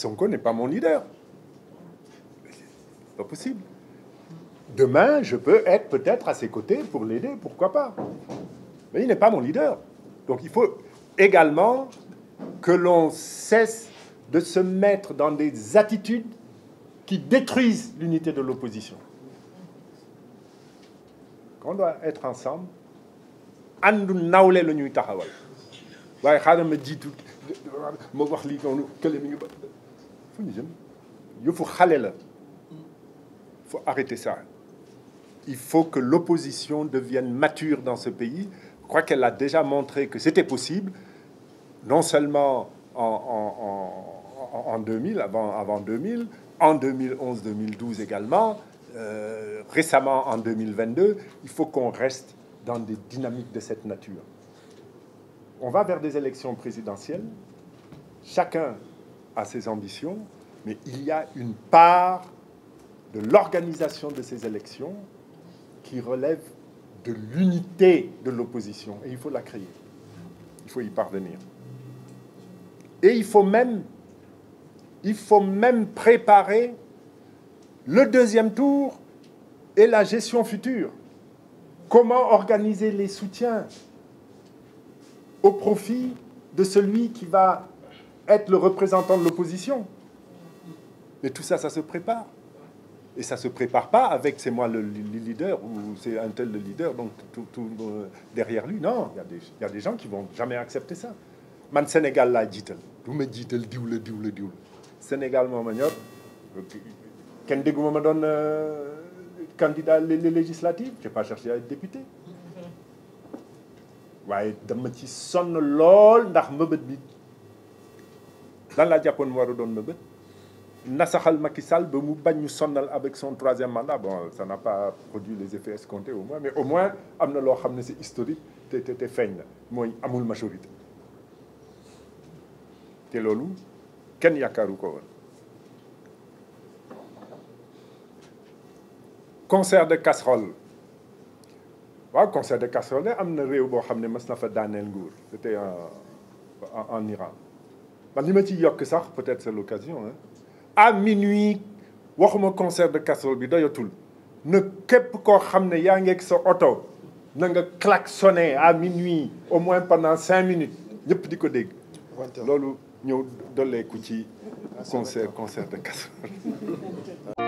Sonko n'est pas mon leader. Pas possible. Demain, je peux être peut-être à ses côtés pour l'aider, pourquoi pas. Mais il n'est pas mon leader. Donc il faut également que l'on cesse de se mettre dans des attitudes qui détruisent l'unité de l'opposition. Quand on doit être ensemble, andu nawle la ñuy taxawal waaye xaaral jiitu wax lii fu ñu jëm xale la faut arrêter ça il faut que l'opposition devienne mature dans ce pays je crois qu'elle a déjà montré que c'était possible non seulement en en en en 2000 avant avant 2000 en 2011 2012 également euh, récemment en 2022 il faut qu'on reste dans des dynamiques de cette nature on va vers des élections présidentielles chacun à ses ambitions, mais il y a une part de l'organisation de ces élections qui relève de l'unité de l'opposition. Et il faut la créer. Il faut y parvenir. Et il faut même, il faut même préparer le deuxième tour et la gestion future. Comment organiser les soutiens au profit de celui qui va être le représentant de l'opposition. Mais tout ça, ça se prépare. Et ça se prépare pas avec c'est moi le, le, leader ou c'est un tel le leader, donc tout, tout euh, derrière lui. Non, il y, y, a des gens qui vont jamais accepter ça. Man Sénégal laa jiital du ma jiital diw la diw la diw la Sénégal moo ma ñor kenn dégguma ma doon euh, candidat les législatives j'ai pas cherché à être député waaye dama ci sonn lool ndax mbëbët bi lan laa jàppoon mu war a doon mëbët nasaxal Macky Sall ba mu bañ ñu sonnal avec son troisième mandat bon ça n'a pas produit les effets escomptés au moins mais au moins am na loo xam ne si historique te te te feeñ na mooy amul majorité te loolu kenn yaakaaru ko woon concert de casserole waaw concert de casserole am na réew boo xam ne mas na fa daaneel nguur c'était en Iran man li ma ci yokk sax peut-être c'est l'occasion hein à minuit waxuma concert de casserole bi doyatul na képp koo xam ne yaa ngeeg sa oto na nga klaxonné à minuit au moins pendant cinq minutes ñëpp di ko dégg loolu ñëw dolleeku ci concert concert de casserole